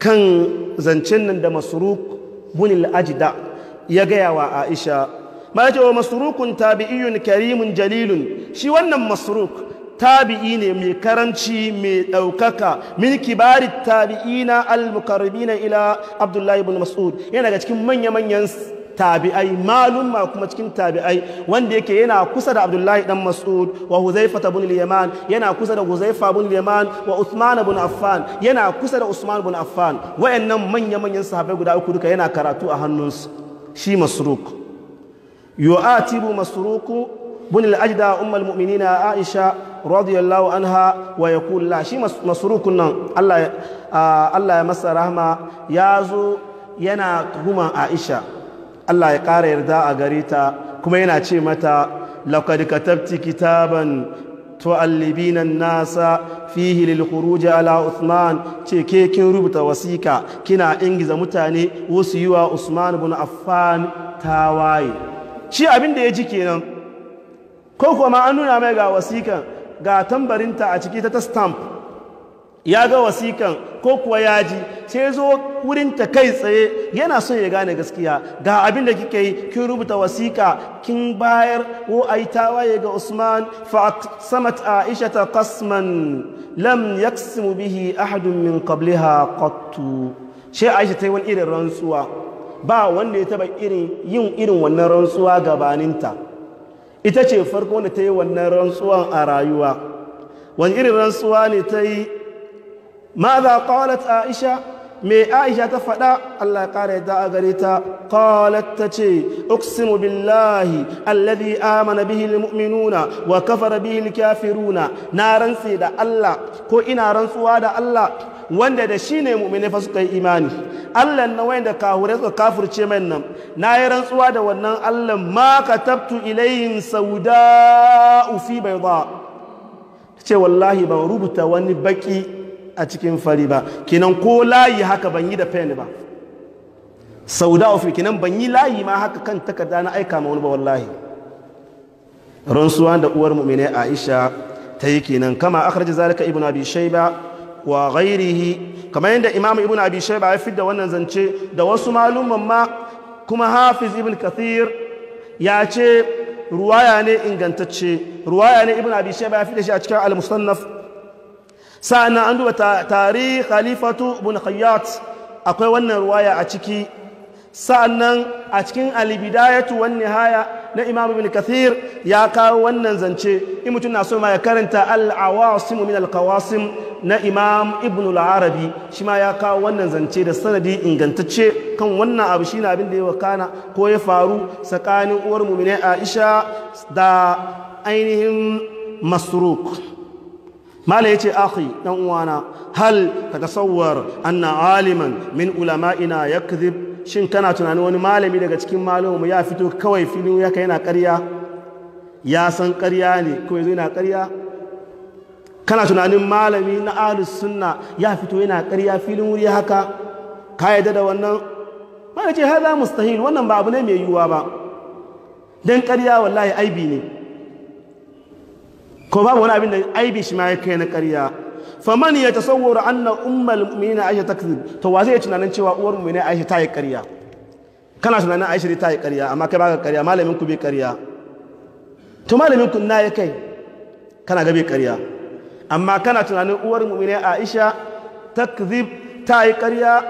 kan zancen nan da masruk al ajda ya gaya wa aisha ma ce wa masrukun tabi'iyun karimun jalilun shi wannan masruk tabi'i ne mai karanci mai ɗaukaka min kibari tabi'ina al-mukarrabina ila abdullahi ibn mas'ud yana daga cikin manya-manyan tabi'ai malum ma kuma cikin tabi'ai wanda yake yana kusa da abdullahi dan mas'ud wa huzaifa ibn yaman yana kusa da huzaifa ibn yaman wa Usman ibn affan yana kusa da usman ibn affan wayannan manya manyan sahabbai guda uku duka yana karatu a hannunsu shi masruk yu'atibu masruku ibn al-ajda ummul mu'minina aisha radiyallahu anha wa yaqul la shi masrukun nan Allah ah, Allah ya masa rahma yazo yana tuhuma aisha Allah ya ƙara yarda a gare ta kuma yana ce mata laqad katabti kitaban tu'allibina nasa fihi lil ala Uthman ce ke kin rubuta wasika kina ingiza mutane wasu yiwa Usman ibn Affan tawaye shi abin da ya ji kenan ko kuma an nuna mai ga wasikan ga tambarinta a ciki ta stamp ya ga wasikan ko kuwa ya ji sai zo wurinta kai tsaye yana son ya gane gaskiya ga abin da kike yi kin rubuta wasika kin bayar ko ai tawaye ga Usman fa samat Aisha ta qasman lam yaksim bihi ahadun min qabliha qattu she Aisha ta yi wani irin rantsuwa ba wanda ya taba irin yin irin wannan rantsuwa gabaninta ita ce farko wanda ta yi wannan rantsuwan a rayuwa wani irin rantsuwa ne ta yi ماذا قالت عائشة mai aisha ta faɗa allah ya ƙara yadda a gare ta ƙalat ta ce uksimu billahi alladhi amana bihi almu'minuna wa kafara bihi alkafiruna na rantse da allah ko ina rantsuwa da allah wanda da shi ne mu'mini fa suka yi imani allah na wanda kahure suka kafirce mai nan na yi rantsuwa da wannan allah ma katabtu ilayhim sauda fi bayda ce wallahi ban rubuta wani baki a cikin fari ba kinan ko layi haka ban yi da pen ba sauda ofi kinan ban yi layi ma haka kan takarda na aika ma wani ba wallahi ransuwa da uwar mu'mina Aisha ta yi kenan kama akhraja zalika ibnu abi wa ghairihi kamar yadda imam ibnu abi shayba ya da wannan zance da wasu malumman ma kuma hafiz ibn kathir ya ce ruwaya ne ingantacce ruwaya ne ibn abi shayba ya da shi a cikin al-musannaf sa'annan an duba tari khalifatu bin khayyat akwai wannan ruwaya a ciki sa'annan a cikin albidayatu wan nihaya na imam ibn kathir ya kawo wannan zance in mutum na so ma ya karanta al-awasim min al-qawasim na imam ibn al-arabi shi ma ya kawo wannan zance da sanadi ingantacce kan wannan abu shine abin da ya wakana ko ya faru tsakanin uwar muminai Aisha da ainihin masruk mala yace akhi dan uwana hal tatasawwar anna aliman min ulama ina ulama'ina yakdhib shin kana tunanin wani malami daga cikin malamu ya fito kawai filin ya kai yana karya? ya san karya ne kuma yanzu yana karya? kana tunanin malami na ahlus sunna ya fito yana karya filin wuri haka ka yadda da wannan mala ce hada mustahil wannan ba abu ne mai yiwuwa ba don karya wallahi aibi ne ko babu wani abin da aibi shi ma ya kai na ƙarya faman ya tasawwara anna ummul mu'minina aisha takzib to wa zai tunanin cewa uwar mu'mina aisha ta yi ƙarya kana tunanin aisha ta yi ƙarya amma kai baka ƙarya malamin ku bai ƙarya to malamin ku na ya kai kana ga bai ƙarya amma kana tunanin uwar mu'mina aisha takzib ta yi ƙarya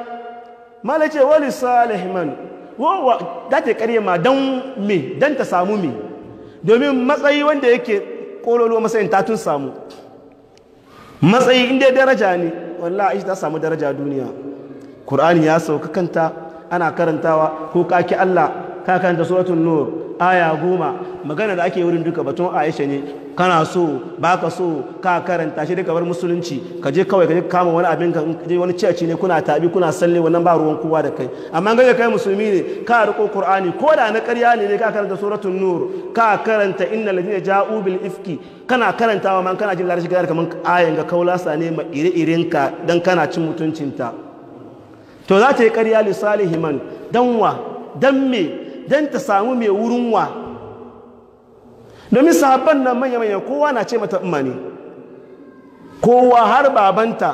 mala ce wani salihman wawa da ta ƙarya ma dan me dan ta samu me domin matsayi wanda yake kololuwa matsayin ta tun samu matsayi inda daraja ne wallah aisha ta samu daraja duniya ƙur'ani ya sauka kanta ana karantawa ko kaki Allah ka karanta suratun nur aya goma magana da ake wurin duka batun aisha ne kana so baka so ka karanta shi duka bar musulunci ka je kawai ka je kama wani abin ka je wani ciyaci ne kuna tabi kuna salle wannan ba ruwan kowa da kai amma ga kai musulmi ne ka riko qur'ani ko da na ƙarya ne ka karanta suratul nur ka karanta innal ladina ja'u bil ifki kana karantawa man kana jin larashi ga kaman ayan ga kaulasa ne ma ire iren ka dan kana cin mutuncinta to za ta yi ƙarya lisalihiman dan wa dan me don ta samu mai wurin wa domin sahabban nan manya-manya kowa na ce mata umma ne kowa har babanta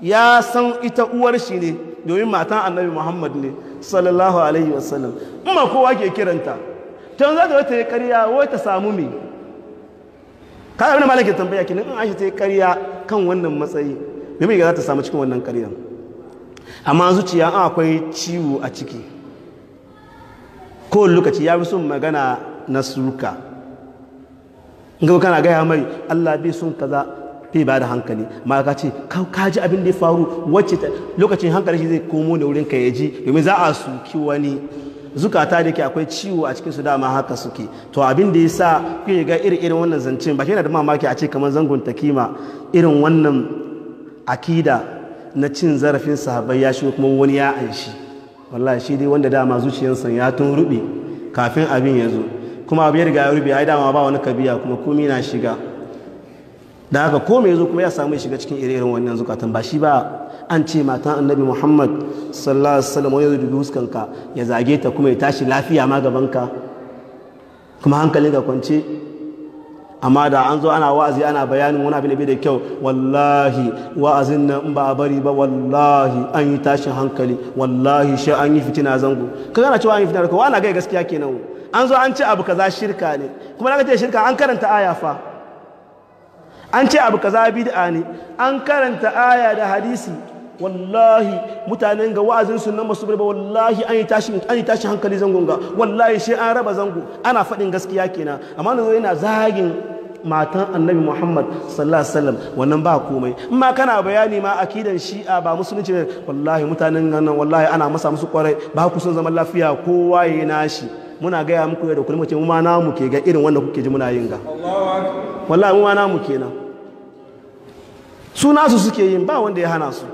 ya san ita uwar shi ne domin matan annabi muhammad ne sallallahu alaihi wasallam umma kowa ke kiranta ta za ta wata yi karya wai ta samu mai kada wani malaki tambaya kenan an shi ta yi karya kan wannan matsayi domin ga za ta samu cikin wannan karyan amma zuciya akwai ciwo a ciki kowane lokaci ya fi son magana na suka ga kana gaya mai Allah bai sun kaza bai ba da hankali ma ka ce ka ji abin da ya faru wacce lokacin hankali shi zai komo da wurin ka ya ji domin za a suki wani zukata da ke akwai ciwo a cikin su dama haka suke to abin da ya sa kuke ga irin wannan zance ba shi yana da mamaki a ce kamar zangon takima irin wannan akida na cin zarafin sahabai ya shi kuma wani ya anshi wallahi shi dai wanda dama zuciyarsa ya tun rubi kafin abin ya zo kuma abu ya riga ya rubi ai dama ba wani kabiya kuma komi na shiga da haka ko ya zo kuma ya samu shiga cikin ire-iren wannan zukatan ba shi ba an ce matan annabi muhammad sallallahu alaihi wasallam wani dubi huskanka ya zage ta kuma ya tashi lafiya ma gabanka kuma ka kwance amma da an zo ana wa'azi ana bayanin wani abin da kyau wallahi wa'azin nan in ba a bari ba wallahi an yi tashin hankali wallahi shi an yi fitina zango ka gana cewa an yi fitina ko wani gai gaskiya kenan an zo an ce abu kaza shirka ne kuma na ce shirka an karanta aya fa an ce abu kaza bid'a ne an karanta aya da hadisi wallahi mutanen ga wa'azin sun nan masu ba wallahi an yi tashin an yi tashin hankali zangon ga wallahi shi an raba zango ana faɗin gaskiya kenan amma yanzu yana zagin matan annabi muhammad sallallahu alaihi wasallam wannan ba komai in ma kana bayani ma akidan shi'a ba musulunci ne wallahi mutanen nan wallahi ana masa musu kwarai ba ku sun zama lafiya kowa ya nashi muna gaya muku yadda ku kullum ce mu ma namu ke ga irin wanda kuke ji muna yin ga wallahi mu ma namu kenan su nasu suke yin ba wanda ya hana su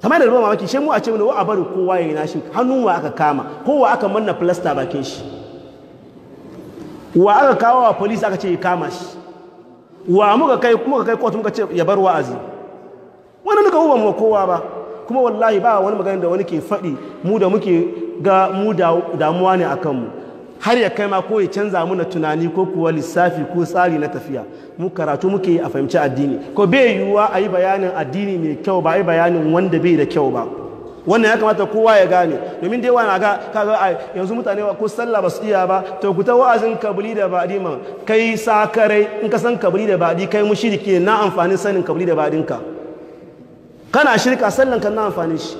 kamar da ruwan mamaki shi mu a ce mu da wa a bari kowa ya nashi hannun wa aka kama kowa aka manna plaster bakin shi wa aka kawo wa police aka ce ya kama shi wa muka kai muka kai kotu muka ce ya bar wa'azi wani nuka uban mu kowa ba kuma wallahi ba wani magana da wani ke faɗi mu da muke ga mu damuwa ne akan mu har ya kai ma ko ya canza mu na tunani ko kuwa lissafi ko tsari na tafiya mu karatu muke a fahimci addini ko bai yiwuwa a yi bayanin addini mai kyau ba a yi bayanin wanda bai da kyau ba wannan ya kamata kowa ya gane domin dai wani ga kaga a yanzu mutane ko sallah ba su iya ba to ku ta wa'azin kabuli da baɗi ma kai sakarai in ka san kabuli da baɗi kai mushriki na amfanin sanin kabuli da baɗinka kana shirka sallan ka na amfanin shi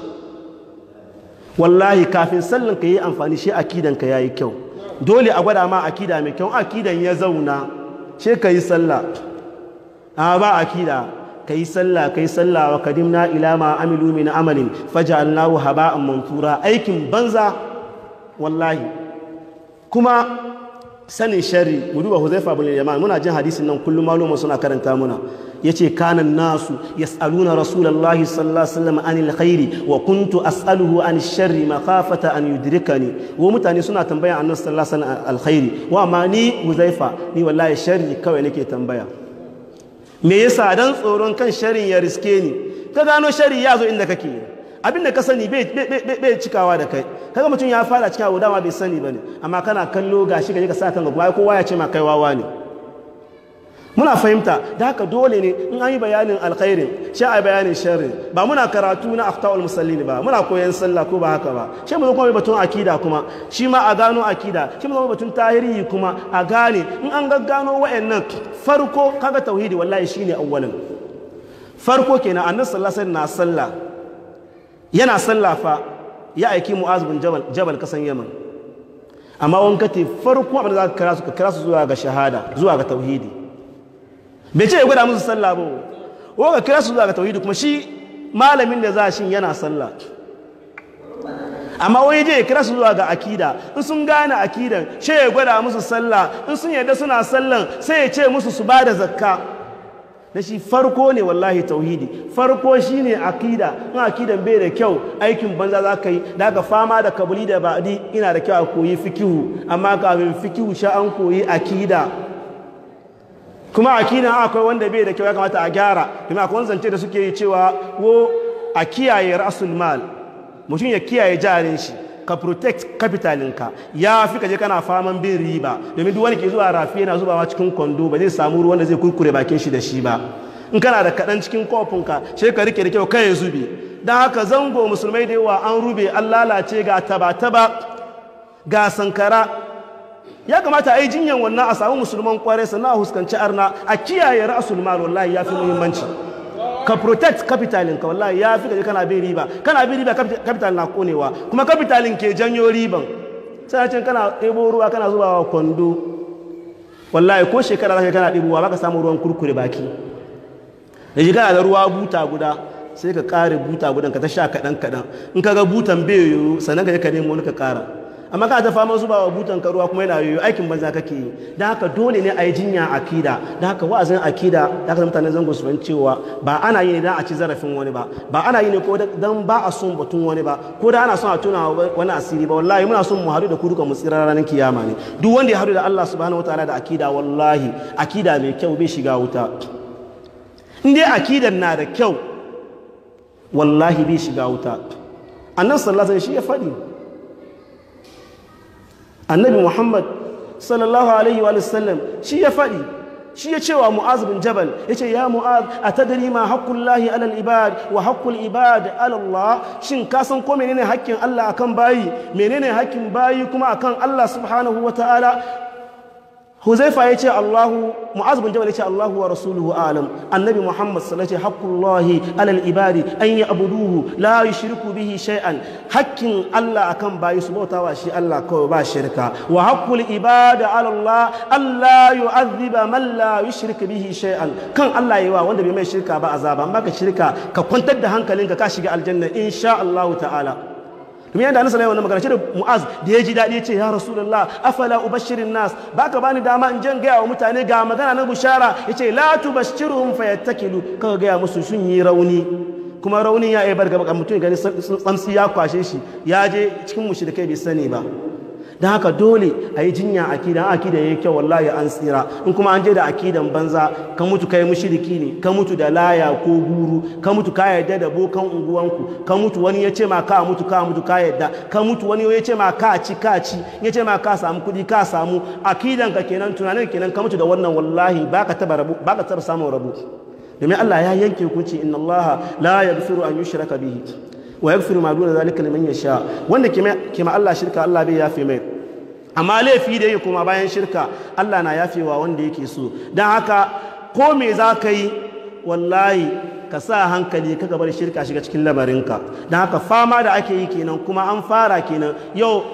wallahi kafin sallan ka yi amfani shi akidan ka yayi kyau dole a gwada ma akida mai kyau akidan ya zauna she ka yi sallah a ba akida kai sallah kai sallah wa kadimna ila ma amilu min amalin faj'alnahu haba'an mansura aikin banza wallahi kuma sanin shari mu duba Huzaifa bin Yaman muna jin hadisin nan kullum maluma suna karanta muna yace kanan nasu yas'aluna rasulullahi sallallahu alaihi wasallam anil khairi wa kuntu as'aluhu an sharri makhafata an yudrikani wa mutane suna tambaya annabi sallallahu alaihi wasallam alkhairi wa ma ni Huzaifa ni wallahi sharri kawai nake tambaya me yasa dan tsoron kan sharin ya riske ni ka gano shari ya zo inda kake abinda ka sani bai cikawa da kai kaga mutum ya fara cikawa dama bai sani ne. amma kana kallo gashi gaje ka sa kan gaba kowa ya ce ma kai wawa ne muna fahimta da haka dole ne in an yi bayanin alkhairin shi a bayanin sharrin ba muna karatu na aftawul musalli ba muna koyan sallah ko ba haka ba shi mu kuma batun akida kuma shi ma a gano akida shi mu kuma batun tahiri kuma a gane in an gaggano wayannan farko kaga tauhidi wallahi shine awwalin farko kenan annabi sallallahu alaihi wasallam na sallah yana sallah fa ya aiki mu'az bin jabal jabal kasan yaman amma wanka te farko abin da za su ka kira su zuwa ga shahada zuwa ga tauhidi bai ce ya gwada musu sallah ba wa ka kira su zuwa ga tauhidi kuma shi malamin da za shi yana sallah amma wani je ya kira su zuwa ga akida in sun gane akidan shi ya gwada musu sallah in sun yarda suna sallan sai ya ce musu su ba da zakka na shi farko ne wallahi tauhidi farko shi ne akida in akidan bai da kyau aikin banza za ka yi da ka fama da kabuli da ba'adi ina da kyau a koyi fikihu amma kafin fikihu sha an koyi akida kuma a kina akwai wanda bai da kyau ya kamata a gyara Kuma akwai wanzance zance da suke yi cewa ko a kiyaye rasul mal mutum ya kiyaye jarin shi ka protect capitalinka ya fi kaje kana faman bin riba domin duk wani ke zuwa rafi yana zubawa cikin kwando ba zai samu ruwan da zai kurkure bakin shi da shi ba in kana da kaɗan cikin kofinka sai ka rike da kyau kai ya zube don haka zango musulmai da yawa an rube an lalace ga taba-taba ga sankara ya kamata a yi jinyan wannan a samu musulman kware sannan a huskanci arna a kiyaye ra'asul mal wallahi ya fi muhimmanci ka protect capitalin ka wallahi ya fi kana bin riba kana bin riba capital na konewa kuma capitalin ke janyo riban sai can kana ɗebo ruwa kana wa kwando wallahi ko shekara zaka kana ɗebowa baka samu ruwan kurkure baki da shi kana da ruwa buta guda sai ka kare buta gudan ka ta sha kaɗan kaɗan in ka ga butan bai yiwu sannan ka je ka nemo wani ka kara amma ka ta su ba wa butan karuwa kuma yana yoyo aikin banza kake yi da haka dole ne a yi jinya akida da haka wa'azin akida da haka mutanen zango su ban cewa ba ana yi ne don a ci zarafin wani ba ba ana yi ne ko don ba a son batun wani ba ko da ana son a tuna wani asiri ba wallahi muna son mu haɗu da kuduka mu tsira ranar kiyama ne duk wanda ya haɗu da Allah subhanahu wataala da akida wallahi akida mai kyau bai shiga wuta in dai akidan na da kyau wallahi bai shiga wuta annan sallallahu alaihi shi ya faɗi annabi muhammad sallallahu alaihi wa sallam shi ya faɗi shi ya cewa mu'az bin jabal ya ce ya mu'az a tadari ma haƙƙun lahi alal ibad wa haƙƙun ibad alallah shin ka san ko menene haƙƙin allah akan bayi menene haƙƙin bayi kuma akan allah subhanahu wa ta'ala huzaifa ya ce allahu mu'az bin jabal ya ce allahu wa rasuluhu alam annabi muhammad sallallahu alaihi haqqullahi alal ibadi an ya'buduhu la yushriku bihi shay'an hakkin allah akan bayi su bautawa shi allah kawai ba shirka wa haqqul ibada ala allah allah yu'adhiba man la yushrik bihi shay'an kan allah yawa wanda bai mai shirka ba azaba amma ka shirka ka kwantar da hankalinka ka shiga aljanna insha allah ta'ala kuma yadda Annabi sallallahu alaihi wasallam da Mu'az da ya ji dadi ya ce ya Rasulullah afala ubashirin nas baka bani dama in jan gaya wa mutane ga magana na bushara yace la tubashiruhum fayattakilu kaga gaya musu sun yi rauni kuma raunin ya aibar gaba mutum gani tsansi ya kwashe shi ya je cikin mushrikai bai sani ba da haka dole a yi jinya a A akida ya kyau wallahi an tsira in kuma an je da akidan banza ka mutu kai mushriki ne ka mutu da laya ko guru ka mutu ka yarda da bokan unguwanku ka mutu wani ya ce ma ka mutu ka mutu ka yarda ka mutu wani ya ce ma ka ci ka ci ya ce ma ka samu kudi ka samu akidan ka kenan tunanin kenan ka mutu da wannan wallahi baka taba rabu baka taba samun rabu domin Allah ya yanke hukunci inna Allah la yaghfiru an yushraka bihi wa yaghfiru ma duna zalika liman yasha wanda ke ma Allah shirka Allah bai yafe mai amma laifi da yake kuma bayan shirka Allah na yafewa wanda yake so dan haka ko me za ka yi wallahi ka sa hankali ka gabar shirka shiga cikin lamarinka dan haka fama da ake yi kenan kuma an fara kenan yau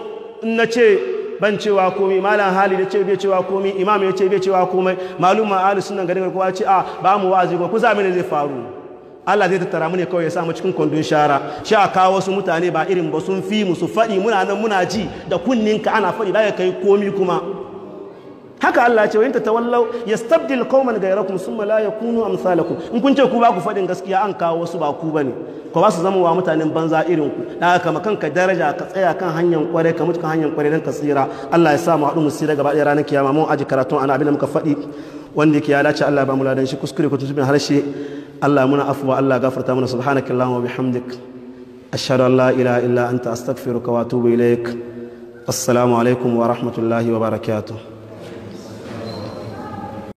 in na ce ban cewa komai malam hali da ce bai cewa komai imam ya ce bai cewa komai ma ahlus sunna garin kowa ce a ah, ba mu wa'azi ba ku zame ne zai faru Allah zai tattara mu ne kawai ya sa mu cikin kwandon shara sha kawo wasu mutane ba irin ba sun fi musu faɗi muna nan muna ji da ka ana faɗi ba kai komi kuma haka Allah ce wayin tawallau yastabdil qauman ghayrakum summa la yakunu amsalakum in kun ce ku ba ku fadin gaskiya an kawo wasu ba ku bane ko ba su zama wa mutanen banza irin ku da haka makan ka daraja ka tsaya kan hanyar kware ka mutu kan hanyar kware dan ka tsira Allah ya sa mu haɗu mu tsira gaba ɗaya ranar kiyama mun aji karatu ana abin da muka faɗi وندك يا لاش الله بامولا دنش كسكري كتنسي من هالشي الله منا أفوا الله غفرت منا سبحانك اللهم وبحمدك أشهد أن لا إله إلا أنت أستغفرك وأتوب إليك السلام عليكم ورحمة الله وبركاته